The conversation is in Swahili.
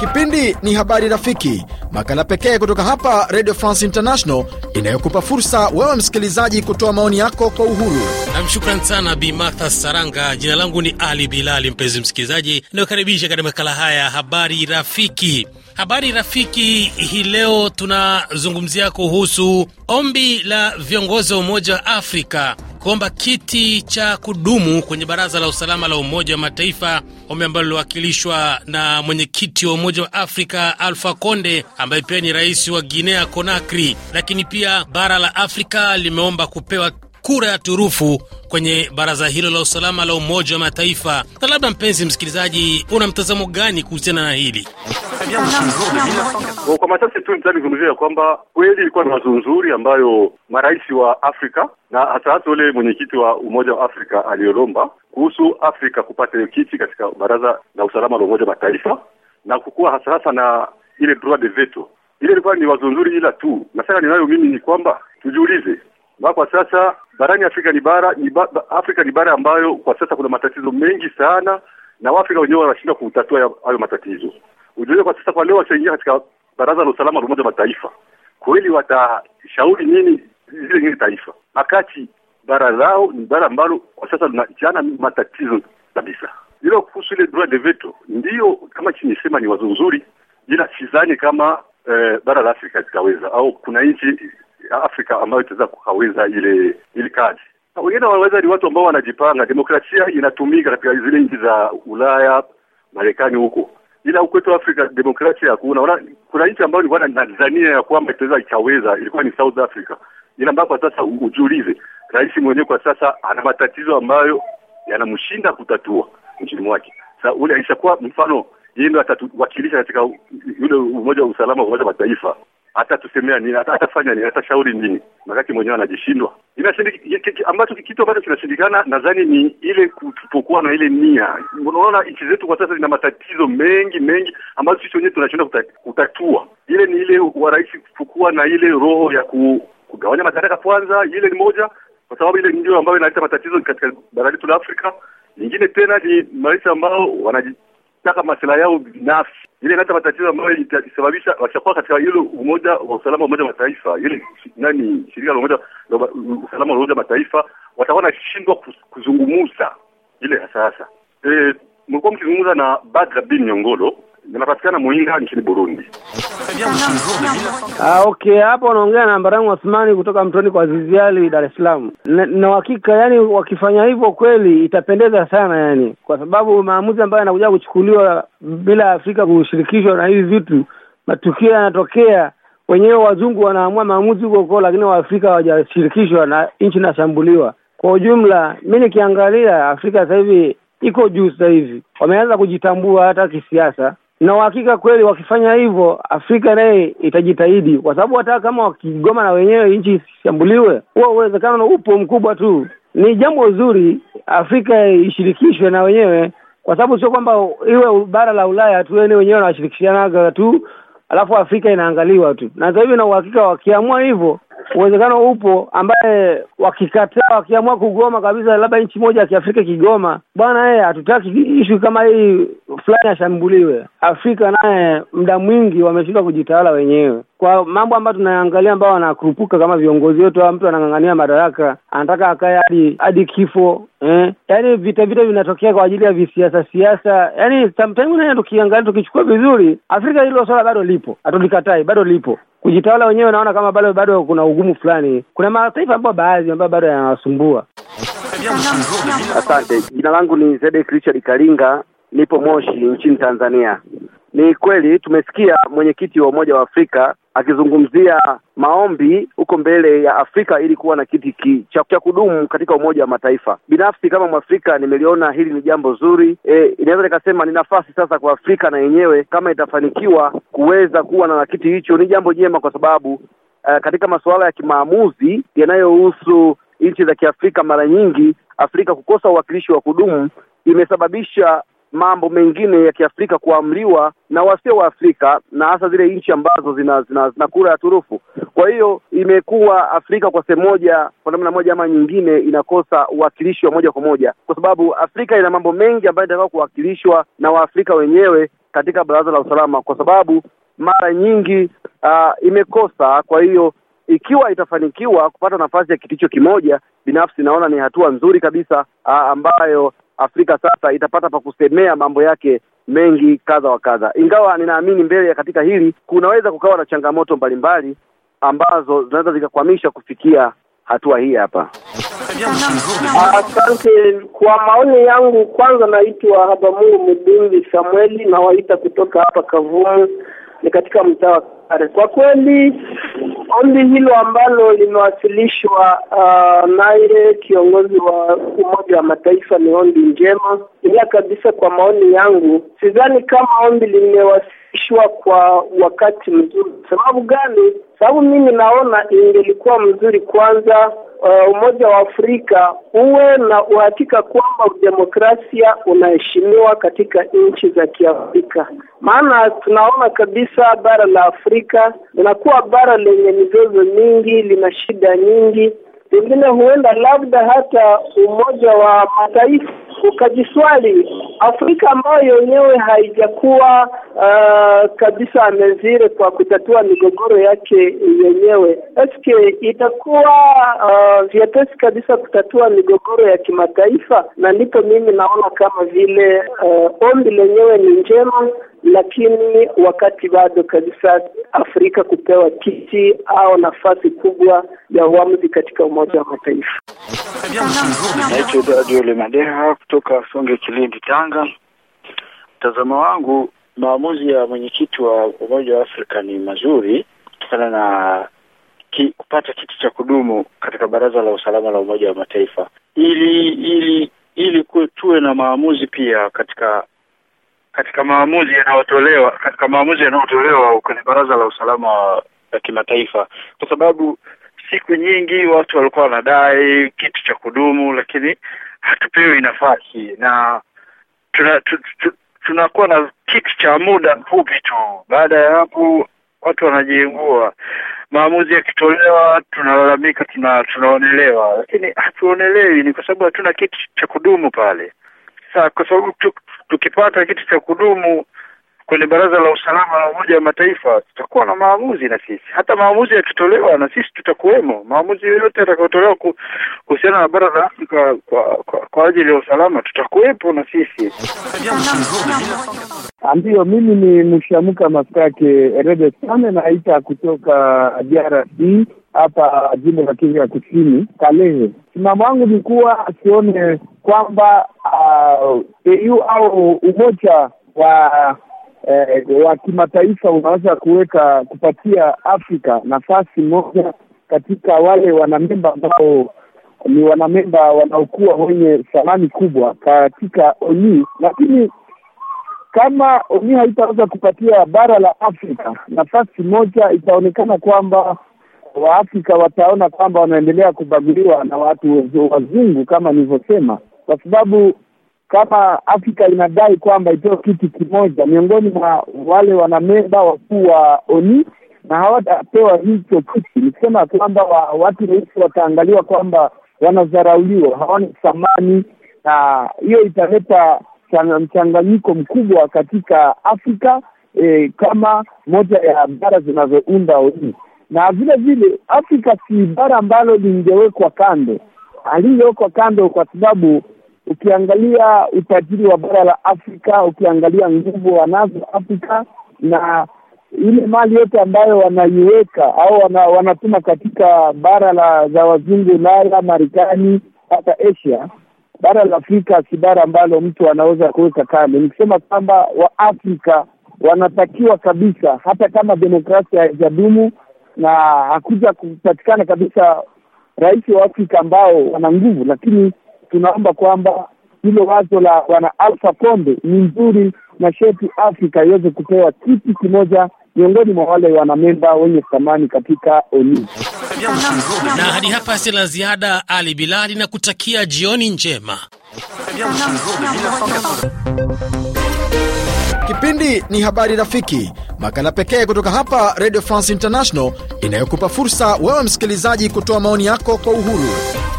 Kipindi ni Habari Rafiki, makala pekee kutoka hapa Radio France International inayokupa fursa wewe msikilizaji kutoa maoni yako kwa uhuru. Nam, shukran sana Bi Martha Saranga. Jina langu ni Ali Bilali, mpenzi msikilizaji inayokaribisha katika makala haya Habari Rafiki. Habari Rafiki hii leo tunazungumzia kuhusu ombi la viongozi wa Umoja wa Afrika kuomba kiti cha kudumu kwenye Baraza la Usalama la Umoja wa Mataifa, ombi ambalo liliwakilishwa na mwenyekiti wa Umoja wa Afrika Alfa conde ambaye pia ni rais wa Guinea Conakry. Lakini pia bara la Afrika limeomba kupewa kura ya turufu kwenye baraza hilo la usalama la Umoja wa Mataifa. Na labda mpenzi msikilizaji, una mtazamo gani kuhusiana na hili? Kwa machache tu nitalizungumzia kwamba kweli ilikuwa ni wazo nzuri ambayo marais wa Afrika na hata hata ule mwenyekiti wa Umoja wa Afrika aliyolomba kuhusu Afrika kupata hiyo kiti katika baraza la usalama la Umoja wa Mataifa na kukuwa hasa hasa na ile droit de veto. Ile ilikuwa ni wazo nzuri, ila tu nasema ninayo mimi ni kwamba tujiulize na kwa sasa barani Afrika ni bara ni ba, Afrika ni bara ambayo kwa sasa kuna matatizo mengi sana, na Waafrika wenyewe wanashindwa kutatua hayo matatizo. Ujue kwa sasa kwa leo washaingia katika Baraza la Usalama la Umoja wa Mataifa, kweli watashauri nini zile nyingine taifa, wakati bara lao ni bara ambalo kwa sasa linajana matatizo kabisa. Ilo kuhusu ile droit de veto, ndiyo kama chinisema ni wazo nzuri, ila sidhani kama eh, bara la Afrika litaweza au kuna nchi ya Afrika ambayo itaweza kukaweza ile ile kadi. Wengine wanaweza ni watu ambao wanajipanga. Demokrasia inatumika katika zile nchi za Ulaya, Marekani huko, ila huko kwetu Afrika demokrasia hakuna. Kuna, nchi ambayo ilikuwa nadhania ya kwamba itaweza ikaweza, ilikuwa ni South Africa, ila mpaka sasa ujiulize, rais mwenyewe kwa sasa ana matatizo ambayo yanamshinda kutatua nchini mwake. Sasa ule alishakuwa mfano yeye ndio atawakilisha katika yule umoja wa usalama wa Umoja wa Mataifa tusemea nini? Atafanya nini? Atashauri nini? makati mwenyewe anajishindwa. Ambacho kitu ambacho kinashindikana nadhani ni ile kutokuwa na ile nia. Unaona, nchi zetu kwa sasa zina matatizo mengi mengi ambazo sisi wenyewe tunashinda kutatua. Ile ni ile wa rais kutokuwa na ile roho ya ku, kugawanya madaraka kwanza, ile ni moja, kwa sababu ile ndio ambayo inaleta matatizo katika bara letu la Afrika. Nyingine tena ni marais ambao wanajitaka masilahi yao binafsi ile hata matatizo ambayo itasababisha washakuwa katika ile umoja wa usalama wa Umoja Mataifa, ile nani shirika la umoja usalama wa Umoja wa Mataifa, watakuwa nashindwa kuzungumuza ile hasa hasa. E, eh, mlikuwa mkizungumza na Badra bin Nyongolo Ninapatikana Muinga nchini Burundi. Ah, okay, hapo wanaongea na Mbaramu Athmani kutoka Mtoni kwa Ziziali, Dar es Salaam. Na hakika, yani wakifanya hivyo kweli itapendeza sana, yani kwa sababu maamuzi ambayo yanakuja kuchukuliwa bila Afrika kushirikishwa na hivi vitu, matukio yanatokea wenyewe, wazungu wanaamua maamuzi huko huko, lakini Waafrika hawajashirikishwa na nchi inashambuliwa. Kwa ujumla, mi nikiangalia Afrika sasa hivi iko juu, sasa hivi wameanza kujitambua hata kisiasa na uhakika kweli wakifanya hivyo, Afrika naye itajitahidi, kwa sababu hata kama wakigoma na wenyewe nchi isishambuliwe, huwa uwezekano upo mkubwa tu. Ni jambo zuri Afrika ishirikishwe na wenyewe, kwa sababu sio kwamba iwe bara la Ulaya tu ni yaani wenyewe wanawashirikishanaga tu alafu Afrika inaangaliwa tu, na sahivi na uhakika wakiamua hivyo uwezekano upo ambaye wakikataa wakiamua kugoma kabisa, labda nchi moja ya Kiafrika kigoma bwana, yeye eh, hatutaki ishu kama hii fulani ashambuliwe. Afrika naye muda mwingi wameshindwa kujitawala wenyewe kwa mambo ambayo tunaangalia, ambao wanakurupuka kama viongozi wetu, au mtu anang'ang'ania madaraka anataka akae hadi hadi kifo eh? Yani vita vita vinatokea kwa ajili ya visiasa siasa. yani sometimes tukiangalia, tukichukua vizuri, Afrika hilo swala bado lipo, hatulikatai, bado lipo kujitawala wenyewe, naona kama bado bado kuna ugumu fulani. Kuna mataifa ambayo baadhi ambayo bado yanawasumbua. Asante, jina langu ni Zedek Richard Kalinga, nipo Moshi nchini Tanzania. Ni kweli tumesikia mwenyekiti wa Umoja wa Afrika akizungumzia maombi huko mbele ya Afrika ili kuwa na kiti cha kudumu katika Umoja wa Mataifa. Binafsi kama Mwafrika nimeliona hili ni jambo zuri. E, inaweza nikasema ni nafasi sasa kwa Afrika na yenyewe kama itafanikiwa kuweza kuwa na kiti hicho, ni jambo jema, kwa sababu uh, katika masuala ya kimaamuzi yanayohusu nchi za Kiafrika, mara nyingi Afrika kukosa uwakilishi wa kudumu imesababisha mambo mengine ya Kiafrika kuamriwa na wasio wa Afrika na hasa zile nchi ambazo zina, zina, zina kura ya turufu. Kwa hiyo imekuwa Afrika kwa sehemu moja, kwa namna moja ama nyingine, inakosa uwakilishi wa moja kwa moja, kwa sababu Afrika ina mambo mengi ambayo inataka kuwakilishwa na Waafrika wenyewe katika Baraza la Usalama, kwa sababu mara nyingi uh, imekosa. Kwa hiyo ikiwa itafanikiwa kupata nafasi ya kiticho kimoja, binafsi naona ni hatua nzuri kabisa a, ambayo Afrika sasa itapata pa kusemea mambo yake mengi kadha wa kadha, ingawa ninaamini mbele ya katika hili kunaweza kukawa na changamoto mbalimbali ambazo zinaweza zikakwamisha kufikia hatua hii hapa. Asante. Kwa maoni yangu, kwanza naitwa Habamungu Mudumbi Samueli, nawaita kutoka hapa Kavumu, ni katika mtaa wa Kare. Kwa kweli ombi hilo ambalo limewasilishwa uh, naye kiongozi wa Umoja wa Mataifa ni ombi njema, ila kabisa, kwa maoni yangu, sidhani kama ombi limewasilishwa ishwa kwa wakati mzuri. Sababu gani? Sababu mimi naona ingelikuwa mzuri kwanza, uh, Umoja wa Afrika uwe na uhakika kwamba demokrasia unaheshimiwa katika nchi za Kiafrika, maana tunaona kabisa bara la Afrika linakuwa bara lenye mizozo mingi, lina shida nyingi pengine huenda labda hata Umoja wa Mataifa ukajiswali Afrika ambayo yenyewe haijakuwa uh, kabisa amezire kwa kutatua migogoro yake yenyewe. Eske itakuwa uh, vyepesi kabisa kutatua migogoro ya kimataifa, na ndipo mimi naona kama vile uh, ombi lenyewe ni njema lakini wakati bado kabisa Afrika kupewa kiti au nafasi kubwa ya uamuzi katika Umoja wa Mataifa. Naitwa Dadule Lemadeha kutoka Songe Kilindi, Tanga. Mtazamo wangu Maamuzi ya mwenyekiti wa Umoja wa Afrika ni mazuri kutokana na ki, kupata kitu cha kudumu katika Baraza la Usalama la Umoja wa Mataifa, ili ili ili kuwe tuwe na maamuzi pia katika katika maamuzi yanayotolewa katika maamuzi yanayotolewa kwenye Baraza la Usalama la Kimataifa, kwa sababu siku nyingi watu walikuwa wanadai kitu cha kudumu, lakini hatupewi nafasi na tuna, tu, tu, tunakuwa na kitu cha muda mfupi tu. Baada ya hapo watu wanajiengua, maamuzi yakitolewa tunalalamika, tuna tunaonelewa, lakini hatuonelewi. Ni kwa sababu hatuna kitu cha kudumu pale. Sasa kwa sababu tukipata kitu cha kudumu kwenye Baraza la Usalama la Umoja wa Mataifa, tutakuwa na maamuzi na sisi. Hata maamuzi yakitolewa, na sisi tutakuwemo. Maamuzi yoyote yatakayotolewa kuhusiana na bara la Afrika kwa, kwa, kwa ajili ya usalama, tutakuwepo na sisi. ndio mimi ni Mshamuka Masake Rede Sane, naita kutoka DRC hapa jimbo la Kivu ya Kusini, Kalehe. Msimamo wangu ni kuwa sione kwamba uh, au umoja wa eh, wa kimataifa unaweza kuweka kupatia Afrika nafasi moja katika wale wanamemba ambao ni wanamemba wanaokuwa wenye thamani kubwa katika ONU, lakini kama ONU haitaweza kupatia bara la Afrika nafasi moja, itaonekana kwamba Waafrika wataona kwamba wanaendelea kubaguliwa na watu wazungu, kama nilivyosema, kwa sababu kama Afrika inadai kwamba itoe kitu kimoja miongoni mwa wale wanamemba wakuu wa ONU na hawatapewa hicho kitu, ni kusema kwamba wa, watu weusi wataangaliwa kwamba wanadharauliwa, hawana thamani, na hiyo italeta mchanganyiko mkubwa katika Afrika e, kama moja ya bara zinazounda ONU. Na vile vile Afrika si bara ambalo lingewekwa kando, aliyowekwa kando kwa sababu Ukiangalia utajiri wa bara la Afrika, ukiangalia nguvu wanazo Afrika na ile mali yote ambayo wanaiweka au wana, wanatuma katika bara la za wazungu Ulaya, Marekani, hata Asia, bara la Afrika si bara ambalo mtu anaweza kuweka kando. Nikisema kwamba Waafrika wanatakiwa kabisa, hata kama demokrasia haijadumu na hakuja kupatikana kabisa rais wa Afrika ambao wana nguvu, lakini tunaomba kwamba hilo wazo la bwana Alpha Konde ni nzuri na sheti Afrika iweze kupewa kiti kimoja miongoni mwa wale wanamemba wenye thamani katika ONU. Na hadi hapa si la ziada. Ali Bilali na kutakia jioni njema. Kipindi ni Habari Rafiki, makala pekee kutoka hapa Radio France International inayokupa fursa wewe msikilizaji kutoa maoni yako kwa uhuru.